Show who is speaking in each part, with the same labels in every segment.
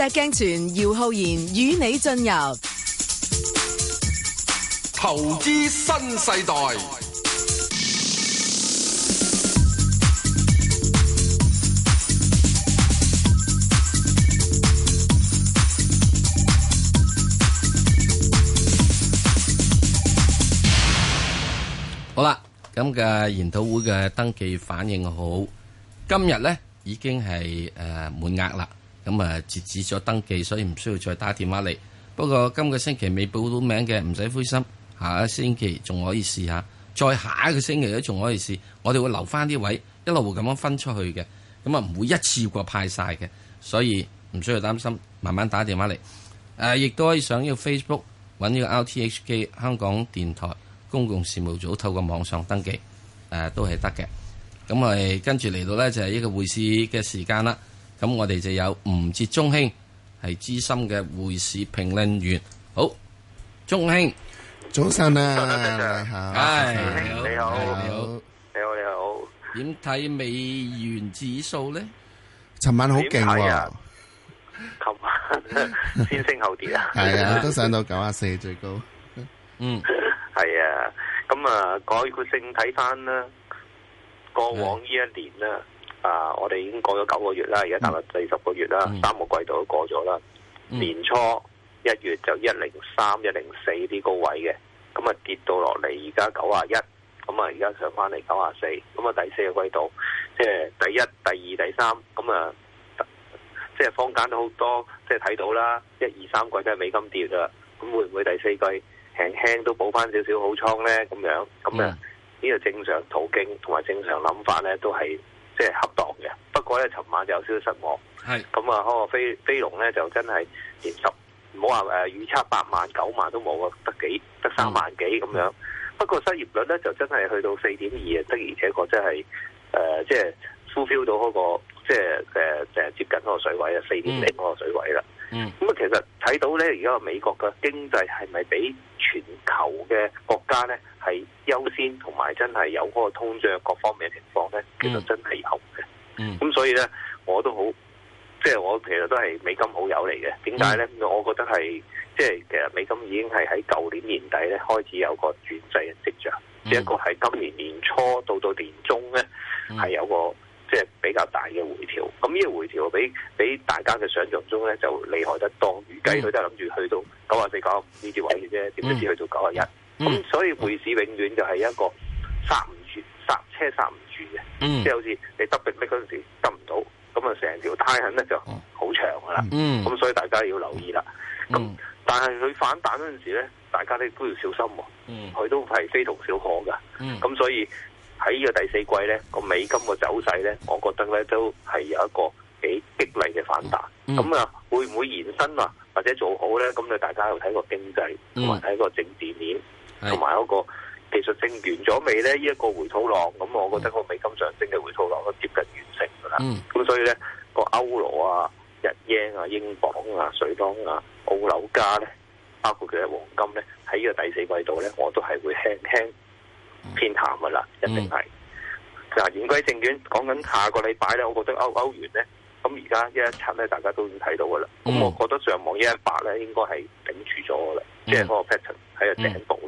Speaker 1: 石鏡泉、姚浩然與你進入
Speaker 2: 投資新世代。好啦，咁嘅研討會嘅登記反應好，今日呢已經係誒滿額啦。呃咁啊，截止咗登記，所以唔需要再打電話嚟。不過今個星期未報到名嘅，唔使灰心，下一星期仲可以試下，再下一個星期都仲可以試。我哋會留返啲位，一路咁樣分出去嘅，咁啊唔會一次過派晒嘅，所以唔需要擔心，慢慢打電話嚟。誒、啊，亦都可以上呢個 Facebook 揾呢個 RTHK 香港電台公共事務組，透過網上登記誒、啊、都係得嘅。咁、啊、咪跟住嚟到呢，就係、係、一個會試嘅時間啦。咁我哋就有吳捷鍾兄，係資深嘅匯市評論員。好，鍾兄，早晨啊，好，你好，你好，你好，你好，點睇美元指數呢？
Speaker 3: 尋晚好勁啊！
Speaker 2: 尋晚先升後跌啊，
Speaker 1: 係啊，都
Speaker 3: 上到九十四最高。嗯，
Speaker 1: 係啊，咁啊，概括性睇翻，啦，過往呢一年啦。啊！我哋已經過咗九個月啦，而家大概四十個月啦，嗯、三個季度都過咗啦。年初一月就一零三、一零四呢高位嘅，咁啊跌到落嚟，而家九十一，咁啊而家上翻嚟九十四，咁啊第四個季度，即係第一、第二、第三，咁啊即係坊間都好多，即係睇到啦，一二三季都係美金跌噶，咁會唔會第四季輕輕都補翻少少好倉咧？咁樣
Speaker 4: 咁啊呢
Speaker 1: 個正常途徑同埋正常諗法咧，都係。即係恰當嘅，不過咧，尋晚就有少少失望。係咁啊，開個飛飛龍咧，就真係連十唔好話誒預測八萬九萬都冇，啊，得幾得三萬幾咁樣。嗯、不過失業率咧就真係去到四點二啊，的而且確真係誒，即係 fulfill 到開、嗰個即係誒誒接近嗰個水位啊，四點零嗰個水位啦。嗯。咁啊、嗯，其實睇到咧，而家美國嘅經濟係咪比全球嘅國家咧係優先同埋真係有嗰個通脹各方面嘅情況咧，嗯、其實真係有嘅。咁、嗯、所以咧，我都好，即係我其實都係美金好友嚟嘅。點解咧？嗯、我覺得係即係其實美金已經係喺舊年年底咧開始有個轉勢嘅跡象，只一個係今年年初到到年中咧係、嗯、有個即係比較大嘅回調。咁呢個回調比比大家嘅想象中咧就厲害得多。預計佢都係諗住去到九啊四九五呢啲位嘅啫，點知跌去到九啊一。咁所以匯市永遠就係一個剎唔住、剎車剎唔住嘅，即係好似你得病嗰時得唔到，咁啊成條胎痕咧就好長噶啦。咁所以大家要留意啦。咁但係佢反彈嗰陣時咧，大家咧都要小心喎。佢都係非同小可噶。咁所以喺呢個第四季咧，個美金嘅走勢咧，我覺得咧都係有一個幾激勵嘅反彈。咁啊會唔會延伸啊？或者做好咧？咁你大家要睇個經濟同埋睇個政治面。同埋嗰個技術升完咗未咧？依一個回吐浪咁，我覺得個美金上升嘅回吐浪都接近完成噶啦。咁、嗯、所以咧，個歐羅啊、日英啊、英鎊啊、瑞郎啊、澳紐加咧，包括佢嘅黃金咧，喺依個第四季度咧，我都係會輕輕偏淡噶啦，嗯、一定係。嗱、嗯啊，言歸正傳，講緊下個禮拜咧，我覺得歐歐元咧。咁而家一一七咧，大家都已經睇到嘅啦。咁、嗯、我覺得上望一一八咧，應該係頂住咗嘅啦，即係嗰個 pattern 喺、嗯、度頂住保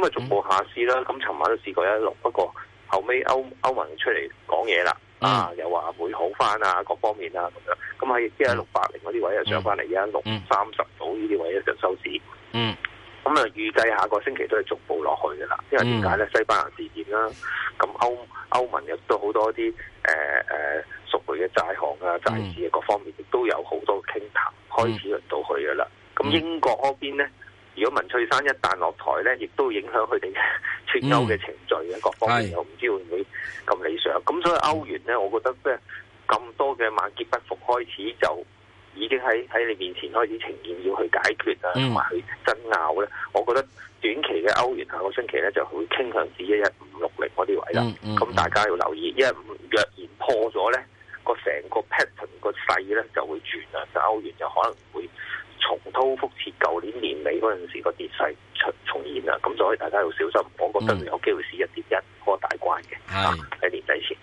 Speaker 1: 咁啊，逐步下試啦。咁尋晚都試過一一六，不過後尾歐歐盟出嚟講嘢啦，啊、啊，又話會好翻啊，各方面啊咁樣。咁喺一一六八零嗰啲位又上翻嚟，一一六三十到呢啲位就收市。
Speaker 4: 嗯。咁啊，預計下個
Speaker 1: 星期都係逐步落去嘅啦。因為點解咧？西班牙事件啦，咁歐歐、歐盟又都好多啲誒誒。呃呃呃佢嘅債項啊、債市啊各方面，亦都有好多傾談、談開始輪到佢嘅啦。咁、嗯嗯嗯、英國嗰邊咧，如果文翠山一旦落台呢，亦都影響佢哋嘅脫歐嘅程序嘅各方面，又唔知道會唔會咁理想。咁、嗯、所以歐元呢，我覺得即係咁多嘅萬劫不復，開始就已經喺喺你面前開始呈現要去解決啊，同埋、
Speaker 4: 嗯、去爭拗咧。我覺得短期嘅歐元下個星期呢，就會傾向至一一五六零嗰啲位啦。咁
Speaker 1: 大家要留意，因為若然，若然破咗呢。呢呢個成個 pattern 個勢咧就會轉啊，就歐元就可能會重蹈覆轍，舊年年尾嗰陣時個跌勢出重現啊，咁所以大家要小心。我覺得有機會試一跌一嗰、那個、大關嘅、
Speaker 4: 嗯、
Speaker 1: 啊，喺年底前。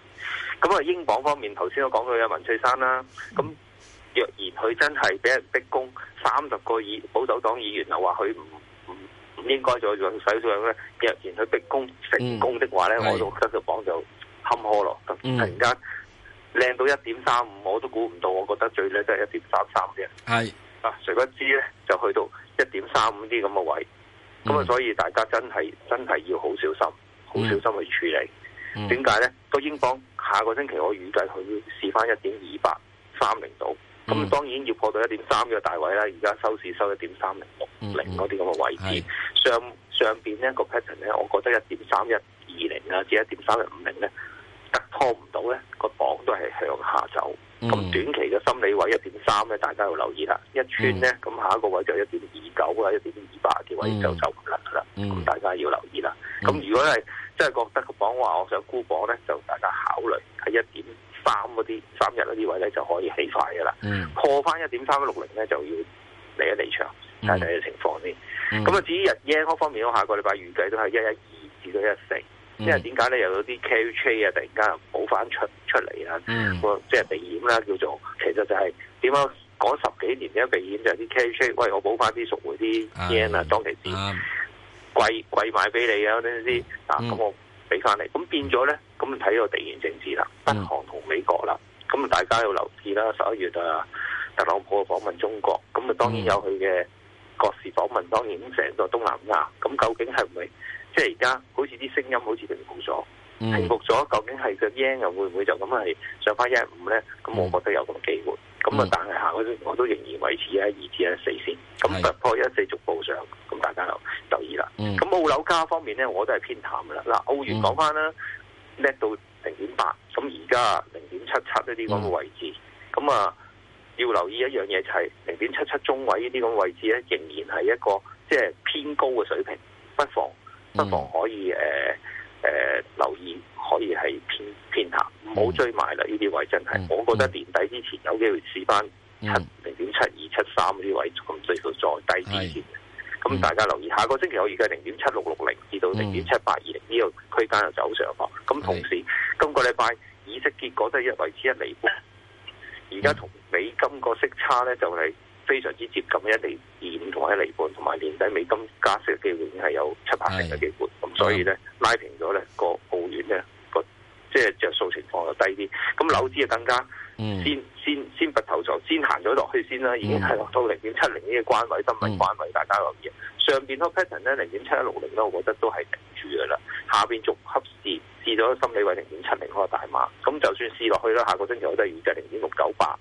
Speaker 1: 咁啊，英港方面，頭先我講到啊，文翠珊啦，咁若然佢真係俾人逼供三十個議保守黨議員又話佢唔唔應該再用手上咧，若然佢逼
Speaker 4: 供成功的話咧，嗯、我覺得個榜就坎坷咯，突然間。嗯嗯靚到一點三五，我都估唔到，我覺得最
Speaker 1: 叻都係一點三三嘅。係是啊，誰不知咧就去到一點三五啲咁嘅位，咁啊、嗯，所以大家真係真係要好小心，好小心去處理。點解咧？都應該下個星期我預計佢試翻一點二八三零度，咁、嗯、當然要破到一點三嘅大位啦。而家收市收一點三零六零嗰啲咁嘅位置，嗯嗯、上上邊呢個 pattern 咧，我覺得一點三一二零啊，至一點三零五零咧。突破唔到咧，個鎊都係向下走。咁短期嘅心理位一點三咧，3，大家要留意啦。一穿咧，咁、嗯、下一個位就一點二九啊，一點二八嘅位就走唔甩㗎啦。咁、嗯、大家要留意啦。咁、嗯、如果係真係覺得個鎊話，我想沽鎊咧，就大家考慮喺一點三嗰啲三日咧啲位咧就可以起快嘅啦。嗯、1 破返一點三六零咧，就要離一離場睇睇嘅情況先。咁啊、嗯，至於日元方面，我下個禮拜預計都係一一二至到一四。因、嗯、為點解咧又有啲 cash 啊，ree, 突然間又補翻出出嚟啊，個、嗯、即係避險啦，叫做其實就係點解講十幾年啲避險就係啲 cash，喂我補翻啲贖回啲 yen 啊，當其時貴貴買俾你啊嗰啲，嗱咁我俾翻你，咁、啊嗯啊、變咗咧，咁就睇個地緣政治啦，北韓同美國啦，咁啊、嗯、大家要留意啦，十一月啊特朗普嘅訪問中國，咁啊當然有佢嘅國事訪問，當然都
Speaker 4: 成個東南亞，咁究竟係咪？即係而家，好似啲聲音好似平伏咗，平伏
Speaker 1: 咗，究竟係個 yen 又會唔會就咁係上翻一五咧？咁、嗯、我覺得有個機會，咁啊、嗯，但係行嗰陣我都仍然維持喺二至一四線，咁突破一四逐步上，咁大家就留意啦。咁、嗯、澳樓價方面咧，我都係偏淡啦。嗱，澳元講翻啦，叻、嗯、到零點八，咁而家零點七七呢啲咁嘅位置，咁啊、嗯、要留意一樣嘢，就係零點七七中位呢啲咁嘅位置咧，仍然係一個即係、就是、偏高嘅水平，不妨。不妨、嗯、可以誒誒、呃呃、留意，可以係偏偏下，唔好追埋啦！呢啲、嗯、位真係，嗯、我覺得年底之前有機會試翻七零點七二七三呢啲位咁，最少再低啲先。咁是大家留意，是下個星期我而家零點七六六零至到零點七八二零呢個區間就走上落。咁同時是是今個禮拜議息結果都係維持一厘半，而家同美金個息差咧就係、是。非常之接近一釐二五同喺一釐半，同埋年底美金加息嘅機會已經係有七八成嘅機會，咁是所以咧拉平咗咧個澳元咧個即係着數情況就低啲，咁樓指就更加先、嗯、先先拔頭籌，先行咗落去先啦，已經係落到零點七零呢個關位，今日關位、嗯、大家留意。上邊個 pattern 咧零點七一六零咧，我覺得都係頂住噶啦，下邊仲合試試咗心理位零點七零嗰個大碼，咁就算試落去啦，下個星期我都係預計零點六九八。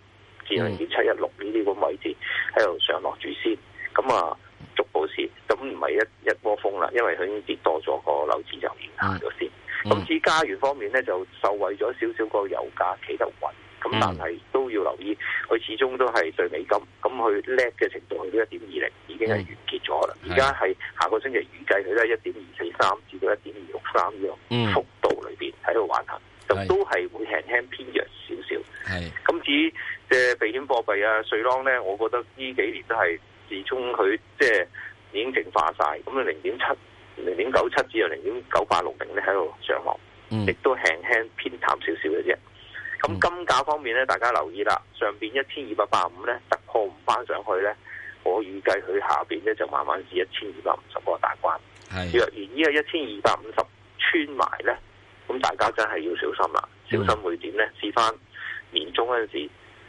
Speaker 1: 二點七一六呢啲咁位置喺度上落住先，咁啊逐步試，咁唔係一一窩蜂啦，因為佢已經跌多咗、那個樓市就面下咗先。咁、嗯、至於加元方面咧，就受惠咗少少個油價企得穩，咁但係都要留意，佢始終都係對美金，咁佢叻嘅程度去到一點二零已經係完結咗啦。而家係下個星期預計佢都係、嗯、一點二四三至到一點二六三嘅幅度裏邊喺度玩下。是都係會輕輕偏弱少少，係咁是至於即係避險貨幣啊、瑞郎咧，我覺得呢幾年都係始終佢即係已經淨化晒。咁啊零點七、零點九七至到零點九八六零咧喺度上落，嗯、亦都輕輕偏淡少少嘅啫。咁金價方面呢，大家留意啦，上邊一千二百八十五呢，突破唔翻上去呢，我預計佢下邊呢就慢慢至一千二百五十個大關。是若然呢個一千二百五十穿埋呢。咁大家真係要小心啦！小心會點咧？試翻年中嗰陣時，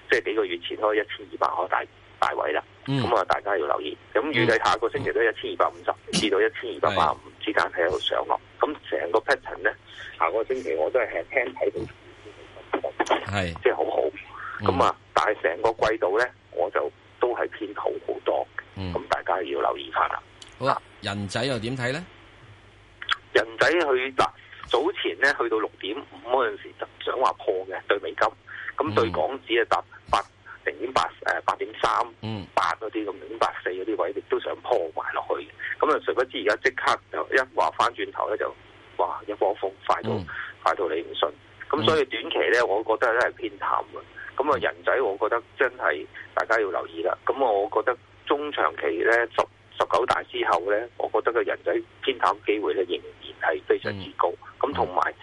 Speaker 1: 即係幾個月前開一千二百開大大位啦。咁啊、嗯，大家要留意。咁預計下個星期都一千二百五十，至到一千二百八十五之間喺度上落。咁成個 pattern 咧，下個星期我都係輕輕睇到，係即係好好。
Speaker 4: 咁啊、嗯，
Speaker 1: 但係成個季度咧，我就都係偏好好多。
Speaker 4: 咁、嗯、大家要留意翻啦。好啦，
Speaker 2: 人仔又點睇咧？人
Speaker 1: 仔去早前咧去到六點五嗰陣時，就想話破嘅對美金，咁對港紙啊搭八零點
Speaker 4: 八誒八點三，八嗰啲咁零點八四嗰啲位，亦都想破埋落去咁啊，
Speaker 1: 誰不知而家即刻就一話翻轉頭咧，就話一波風快到、嗯、快到你唔信。咁所以短期咧，我覺得咧係偏淡嘅。咁啊，人仔，我覺得真係大家要留意啦。咁我覺得中長期咧，十十九大之後咧，我覺得個人仔偏淡機會咧仍然係非常之高。嗯咁同埋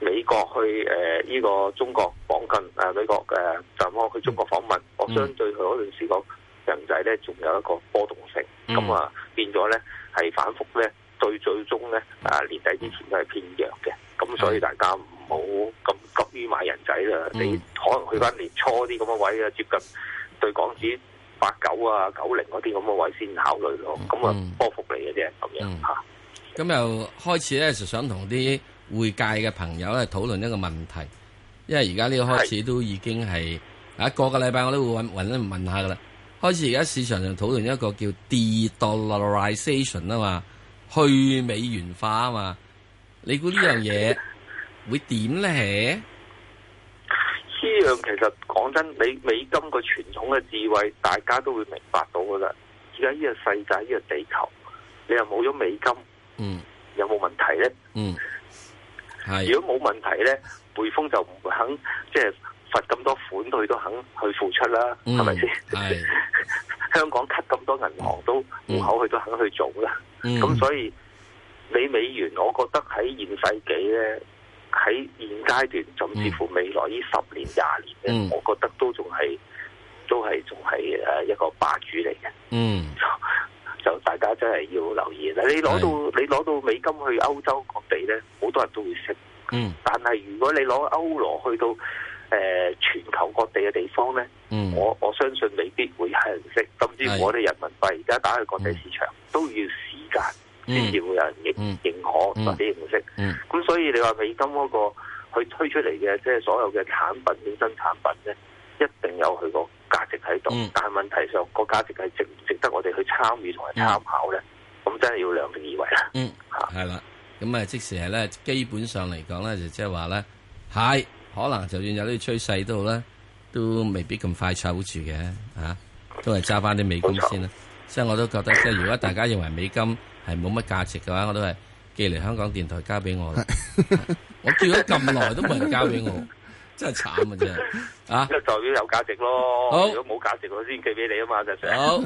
Speaker 1: 美國去誒依、呃這個中國靠近誒美國嘅、呃、就我、是、去中國訪問，我相對佢嗰段時間個人仔咧仲有一個波動性，咁啊、嗯、變咗咧係反覆咧，對最終咧啊
Speaker 4: 年底之前都係偏弱嘅，咁所以大家唔好咁急於買人仔啦，嗯、你
Speaker 1: 可能去翻年初啲咁嘅位啊，接近對港紙八九啊九零嗰啲咁嘅位先考慮咯，咁啊波幅嚟嘅啫
Speaker 2: 咁樣嚇。咁又開始咧就想同啲。聲音匯界嘅朋友咧討論一個問題，因為而家呢個開始都已經係啊，是個個禮拜我都會揾揾啲問，問，問下噶啦。開始而家市場上討論一個叫 de-dollarization 啊嘛，ization, 去美元化啊嘛，你估 呢樣嘢會點咧？呢
Speaker 1: 樣其實講真，美美金個傳統嘅智慧，大家都會明白到噶啦。而家呢個世界，呢、這個地球，你又冇咗美金，嗯，有冇問題咧、嗯？
Speaker 4: 嗯。係，是如
Speaker 1: 果冇問題咧，匯豐就唔會肯即係罰咁多款，佢都肯去付出啦，
Speaker 4: 係咪先？係
Speaker 1: 吧是 香港 cut 咁多銀行、嗯、都戶口佢都肯去做啦。咁、嗯、所以，你美元，我覺得喺現世紀咧，喺現階段，甚至乎未來呢十年廿年咧，嗯、我覺得都仲係，都係仲係誒一個霸主嚟嘅。嗯。 就大家真係要留意啦！你攞到你攞到美金去歐洲各地咧，好多人都會識。嗯。但係如果你攞歐羅去到誒全球各地嘅地方咧，我我相信未必會有人識。甚至乎我哋人民幣而家打去國際市場都要時間先至會有人認認可或者認識。嗯。咁所以你話美金嗰個佢推出嚟嘅即係所有嘅產品衍生產品咧，
Speaker 2: 一定有佢個價值喺度，嗯、但
Speaker 1: 係
Speaker 2: 問題上個價值係值唔值得我哋去參與同埋參考咧，咁、嗯、真係要量力而為啦。嗯，係啦、啊，咁啊即時係咧，基本上嚟講咧，就即係話咧，係、哎、可能就算有啲趨勢都好咧，都未必咁快炒住嘅，吓、啊、都係揸翻啲美金先啦。即係錯我都覺得，即係如果大家認為美金係冇乜價值嘅話，我都係寄嚟香港電台交俾我 我叫咗咁耐都冇人交俾我。 真係慘啊！真係吓，代表有價值咯。如果冇價值我先寄俾你啊嘛，石 Sir。好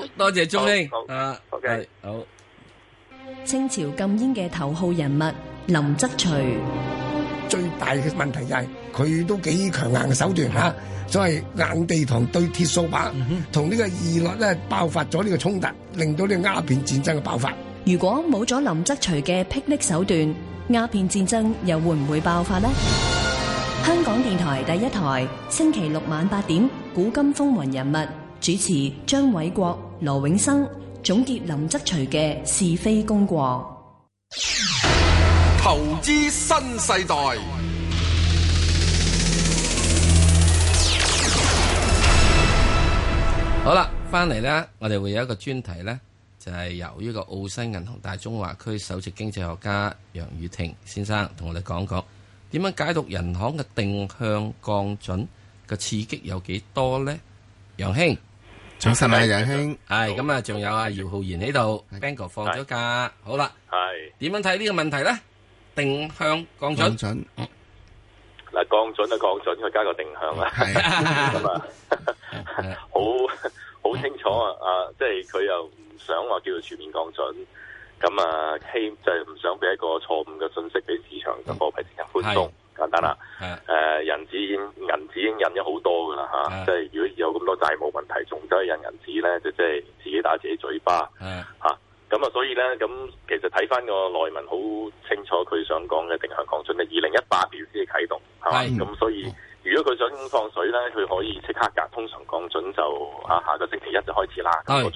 Speaker 2: 好，多謝鍾兄。好，OK。好。清朝禁煙嘅頭號人物林則徐。最大嘅問題就係佢都幾強硬嘅手段吓，所謂硬地堂對鐵掃把，同呢個義律咧爆發咗呢個衝突，令到呢個鴉片戰爭嘅爆發。如果冇咗林則徐嘅霹靂手段，鴉片戰爭又會唔會爆發呢？香港電台第一台，星期六晚八點，《古今風雲人物》，主持張偉國、羅永生總結林則徐嘅是非功過。投資新世代，好啦，翻嚟咧，我哋會有一個專題咧，就係、是、由呢個澳新銀行大中華區首席經濟學家楊宇霆先生同我哋講講。點樣解讀人行嘅定向降準嘅刺激有幾多咧？楊兄，
Speaker 3: 早晨啊，楊兄，
Speaker 2: 哎，咁啊到，仲有啊，啊姚浩然喺度 Bangle 放咗假，的好啦，係的，點樣睇呢個問題咧？定向降準，嗱，
Speaker 3: 降準啊，降準，佢、嗯、 加個定向啊，咁 啊、 嗯，好好 清楚啊，啊，啊即係佢又唔想話叫做全面降準。咁啊，希就係唔想俾一個錯誤嘅信息俾市場，個貨幣政策寬鬆，簡單啦。誒，銀紙已經銀紙已經印咗好多㗎啦嚇，即係如果有咁多債務問題，仲再印銀紙咧，就即係自己打自己嘴巴嚇。咁啊，所以咧，咁其實睇翻個內文，好清楚佢想講嘅定向降準係二零一八年先啟動，係咪？咁所以，如果佢想放水咧，佢可以即刻㗎。通常降準就啊，下個星期一就開始啦，九個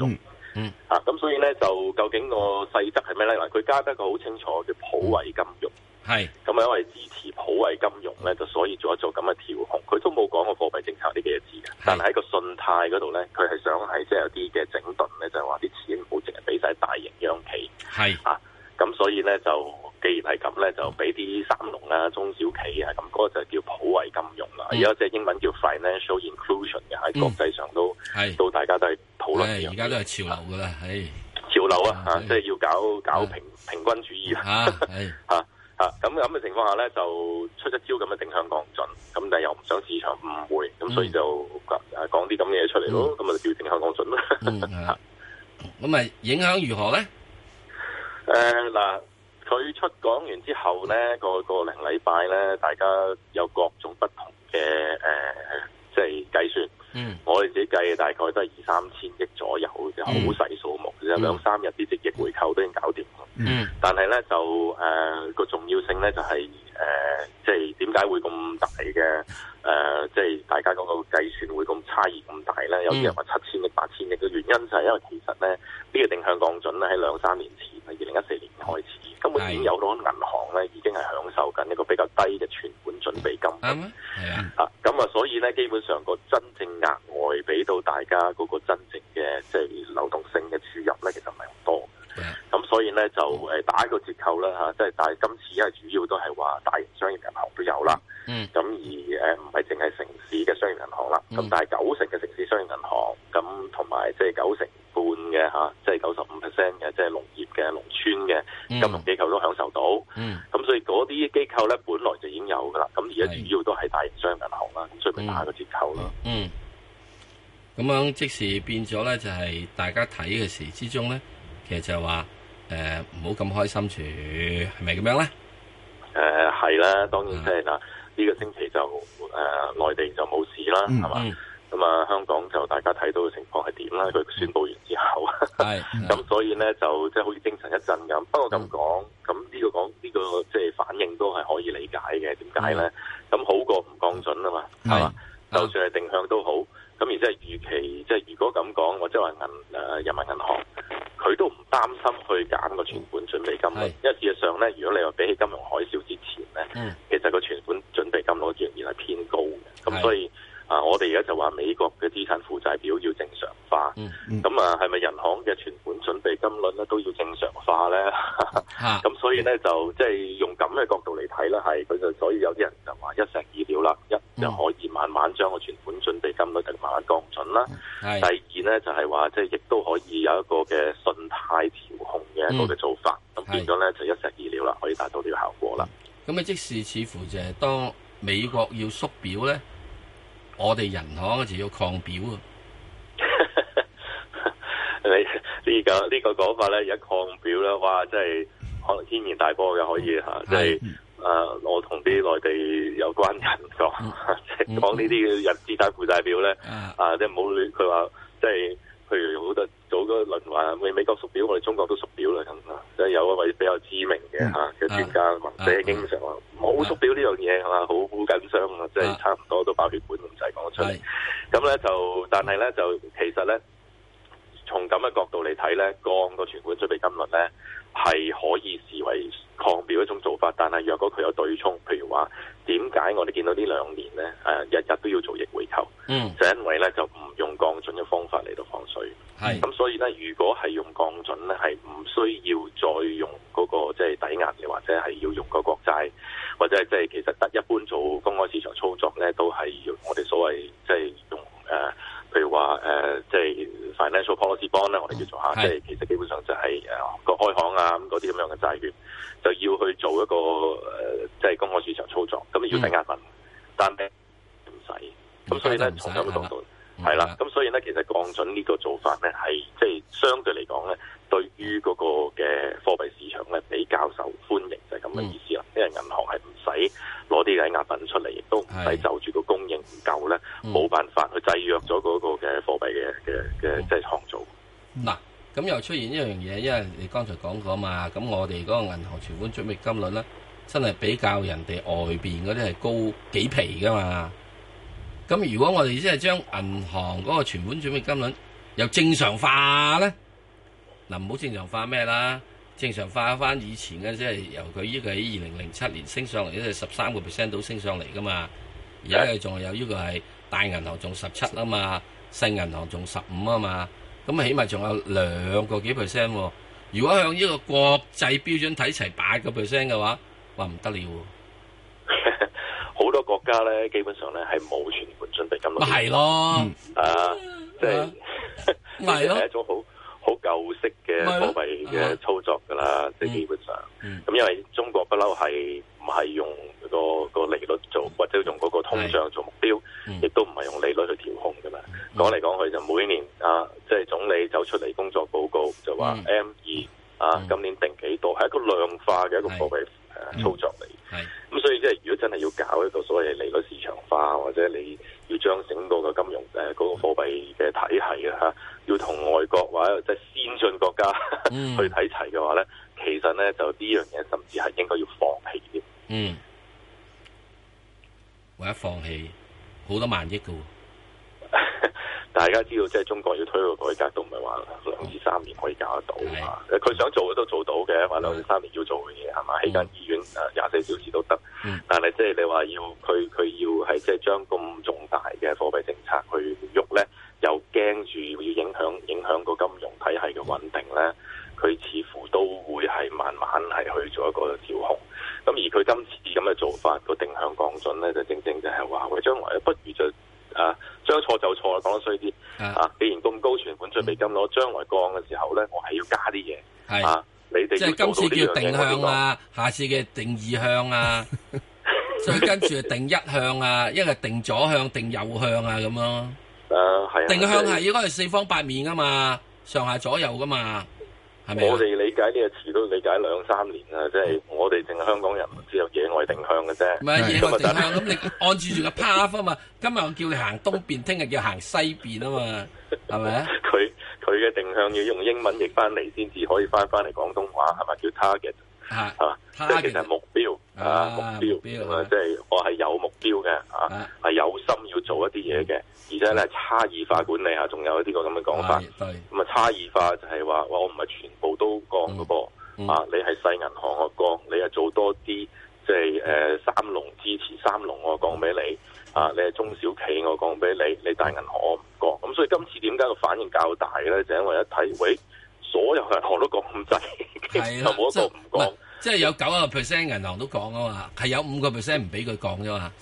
Speaker 3: Mm. 啊、嗯，啊，咁所以咧就究竟個細則係咩咧？嗱，佢加得個好清楚叫普惠金融，係、mm. 嗯，咁啊因為支持普惠金融咧，就、mm. 所以做一做咁嘅調控，佢都冇講過貨幣政策呢幾個字嘅，但係喺個信貸嗰度咧，佢係想係即係有啲嘅整頓咧，就係話啲錢唔好淨係俾晒大型央企，係，mm. 啊，咁、嗯、所以咧就既然係咁咧，就俾啲三農啊、中小企啊，咁、那、嗰個就叫普惠金融啦，mm. 而家即係英文叫 financial inclusion 嘅，喺國際上都，係，到大家都係。冇啦，而家都係潮流噶啦，係，潮流啊，吓，即係要搞搞平平均主義啊，吓吓吓，咁咁嘅情況下咧，就出一招咁嘅定向降準，咁但係又唔想市場誤會，咁所以就講講啲咁嘅嘢出嚟咯，咁咪、嗯、叫定向降準咯，嚇、 嗯，
Speaker 2: 咁咪、啊、影響如何
Speaker 3: 咧？誒嗱、呃，佢出港完之後咧，個個零禮拜咧，大家有各種不同嘅誒。呃即係計算，嗯、我哋自己計嘅大概都係二三千億左右，就好細數目，只有、嗯、兩三日啲逆回購都已經搞掂啦。嗯、但係咧就誒、呃、個重要性咧就係、是。誒、呃，即係點解會咁大嘅？誒、呃，即係大家嗰個計算會咁差異咁大咧？有啲人話七千億、八千億嘅原因就係因為其實咧，呢個定向降準咧喺兩三年前，喺二零一四年開始，根本已經有好多銀行咧已經係享受緊一個比較低嘅存款準備金。嗯嗯嗯嗯、啊，咁啊，所以咧，基本上個真正額外俾到大家嗰個真正嘅即係流動性嘅注入咧，其實唔係好多。咁 Yeah. 所以咧就誒打一個折扣啦吓，即係但係今次因為主要都係話大型商業銀行都有啦，嗯，咁而誒唔係淨係城市嘅商業銀行啦，咁、mm. 但係九成嘅城市商業銀行，咁同埋即係九成半嘅吓，即係九十五 percent 嘅即係農業嘅農村嘅、mm. 金融機構都享受到，嗯，咁所以嗰啲機構咧本來就已經有噶啦，咁而家主要都係大型商業銀行啦，mm. 所以咪打個折扣咯，mm. Mm. 嗯，
Speaker 2: 咁樣即時變咗咧就係、是、大家睇嘅時之中咧。其實就話，誒，唔好咁開心住，係咪咁樣咧？
Speaker 3: 誒，係啦，當然即係嗱，呢個星期就誒內地就冇事啦，係嘛，咁啊香港就大家睇到嘅情況係點啦？佢宣布完之後，咁所以咧就即係好似精神一震咁。不過咁講，咁呢個講呢個即係反應都係可以理解嘅。點解咧？咁好過唔降準啊嘛，係嘛，就算係定向都好。咁而即係預期，即係如果咁講，我即係話銀誒、呃、人民銀行，佢都唔擔心去減個存款準備金率。是的 因為事實上咧，如果你話比起金融海嘯之前咧，是的 其實個存款準備金率仍然係偏高嘅。咁是的 所以啊、呃，我哋而家就話美國嘅資產負債表要正常化。咁啊，係咪銀行嘅存款準備金率咧都要正常化咧？咁 所以咧就即係用咁嘅角度嚟睇咧，係佢就所以有啲人就話一石二鳥啦，一就可以慢慢將個存款。是第二咧就係、是、話，即、就、係、是、亦都可以有一個嘅信貸調控嘅一個嘅做法，咁、嗯、變咗咧是就一石二鳥啦，可以達到呢個效果啦。
Speaker 2: 咁啊、嗯，即使似乎就係當美國要縮表咧，我哋人行就要擴表啊！
Speaker 3: 你呢個呢個講法咧，而家擴表啦，哇，真係可能天然大波嘅可以吓，真係。啊！Uh, 我同啲內地有關人講，講、mm, 呢啲嘅人資產負債表咧，mm, 啊，即係唔好理佢話，即係譬如好多早輪話，美美國縮表，我哋中國都縮表啦咁啊，即係有一位比較知名嘅嚇嘅專家，或者、uh, 經常話冇縮表呢樣嘢係嘛？好緊張啊，即係差唔多都爆血管咁就係講出嚟。咁咧、uh, 就，但係咧就其實咧，從咁嘅角度嚟睇咧，降個存款準備金率咧。係可以視為抗表一種做法，但係若果佢有對沖，譬如話點解我哋見到呢兩年咧，誒日日都要做逆回購，嗯，就因為咧就唔用降準嘅方法嚟到放水，係咁是所以咧，如果係用降準咧，係唔需要再用嗰個即係抵押嘅，或者係要用個國債，或者即係其實得一。係啦，咁所以呢，其實降準呢個做法呢，係即係相對嚟講呢，對於嗰個嘅貨幣市場呢，比較受歡迎就係咁嘅意思啦。因為銀行係唔使攞啲抵押品出嚟，亦都唔使就住個供應唔夠呢，冇辦法去制約咗嗰個嘅貨幣嘅嘅嘅即係創造。
Speaker 2: 嗱，咁又出現一樣嘢，嗯、因為你剛才講過嘛，咁我哋嗰個銀行存款準備金率呢，真係比較人哋外邊嗰啲係高幾皮噶嘛。咁如果我哋即係將銀行嗰個存款準備金率又正常化咧，嗱，唔好正常化咩啦？正常化翻以前咧，即係由佢依個喺二零零七年升上嚟，即係十三個 percent 都升上嚟噶嘛。而家係仲有呢個係大銀行仲十七啊嘛，細銀行仲十五啊嘛。咁啊，起碼仲有兩個幾 percent。如果向呢個國際標準睇齊八個 percent 嘅話，話唔得了。
Speaker 3: 家咧基本上咧係冇存款準備金率咯，咪係咯，啊，
Speaker 4: 即係咪係一種好好舊式嘅貨幣嘅操作噶啦，即係基本上，咁因為中國不嬲係唔係用個個利率
Speaker 3: 做，或者用嗰個通脹做目標，亦都唔係用利率去調控噶嘛。講嚟講去就每年啊，即係總理走出嚟工作報告就話 M 二啊，今年定幾度，係一個量化嘅一個貨幣誒操作嚟。真係要搞一個所謂利率市場化，或者你要將整個嘅金融誒嗰、那個貨幣嘅體系啊，吓要同外國或者即係先進國家去睇齊嘅話咧，其實咧就呢樣嘢甚至係應該要放棄啲。嗯，
Speaker 2: 萬一放棄，好多萬億噶。
Speaker 3: 大家知道，即、就、係、是、中國要推個改革，都唔係話兩至三年可以搞得到啊！佢、嗯、想做嘅都做到嘅，或兩三年要做嘅嘢係嘛，喺間醫院誒廿四小時都得。嗯、但係即係你話要佢佢要係即係將咁重大嘅貨幣政策去喐呢，又驚住要影響影響個金融體系嘅穩定呢。佢、嗯、似乎都會係慢慢係去做一個調控。咁、嗯、而佢今次咁嘅做法，個定向降準呢，就正正就係話為將來，不如就。啊，將錯就錯講得衰啲啊！既然咁高存款準備金攞，嗯、將來降嘅時候咧，我係要加啲嘢啊！你哋即係今次叫定向
Speaker 2: 啊，下次嘅定二向啊，再 跟住定一向啊，一係定左向定右向啊咁咯。
Speaker 3: 啊，係啊！定向係、就係、
Speaker 2: 應該係四方八面噶嘛，上下左右噶嘛。
Speaker 3: 係咪我哋理解呢個詞都理解兩三年啦，即係我哋淨係香港人唔知有野外定向嘅啫。唔係野外定
Speaker 2: 向，咁 你按住住個 path 啊嘛？今日我叫你行東邊，聽日叫行西邊啊嘛，係
Speaker 3: 咪啊？佢佢嘅定向要用英文譯翻嚟先至可以翻翻嚟廣東話，係咪叫 target？係，即係其實目標
Speaker 4: 啊，目標
Speaker 3: 啊，即係我係有目標嘅啊，係有心要做一啲嘢嘅，而且咧差異化管理啊，仲有一啲個咁嘅講法，咁啊差異化就係話，我唔係全部都降嘅噃啊，你係細銀行我降，你係做多啲即係誒三農支持三農我降俾你啊，你係中小企我降俾你，你大銀行我唔降，咁所以今次點解個反應較大嘅咧，就因為一睇喂。所有銀行都降
Speaker 2: 咁滯，係啊，冇一個唔降。即係有九啊 percent 銀行都降啊嘛，係有五個 percent 唔俾佢降啫嘛。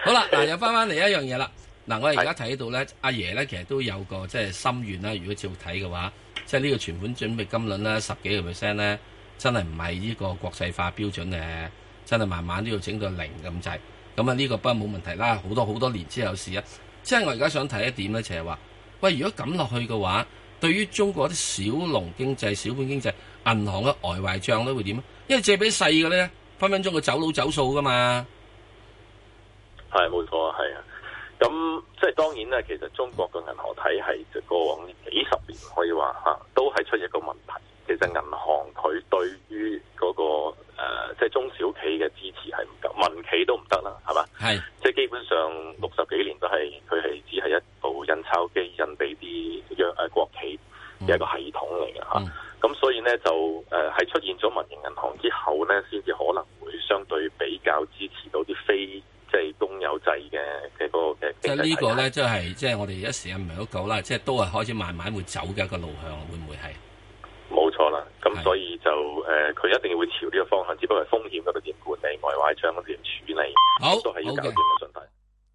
Speaker 2: 好啦，嗱又翻翻嚟一樣嘢啦。嗱， 我哋而家睇到咧，阿爺咧其實都有個即係心願啦。如果照睇嘅話，即係呢個存款準備金率啦，十幾個 percent 咧，真係唔係呢個國際化標準嘅，真係慢慢都要整到零咁滯。咁啊呢個不過冇問題啦，好多好多年先有事啊。即係我而家想睇一點咧，就係話，喂，如果咁落去嘅話，對於中國啲小農經濟、小本經濟，銀行嘅呆壞帳咧會點啊？因為借俾細嘅咧，分分鐘佢走佬走數噶嘛。
Speaker 3: 係冇錯，係啊。咁即係當然咧，其實中國嘅銀行體系就過往幾十年可以話吓都係出現一個問題。其實銀行佢對於嗰個、呃、即係中小企嘅支持係唔夠，民企都唔得啦，係嘛？係是即係基本上六十幾年都係佢係只係一。印鈔機印俾啲央，誒，國企嘅一個系統嚟嘅吓，咁、嗯嗯、所以咧就誒係出現咗民營銀行之後咧，先至可能會相對比較支持到啲非即係公有制嘅、嘅、嗯嗯嗯、個嘅、就是。即係呢
Speaker 2: 個咧，即係即係我哋一時間又唔係好久啦，即係都係、就是、開始慢慢會走嘅一個路向，會唔會係？
Speaker 3: 冇錯啦，咁所
Speaker 4: 以就誒，佢是、呃、一定要會朝呢個方向，只不過係風險嗰度點管理，外壞賬嗰度點處理，好都係要搞掂。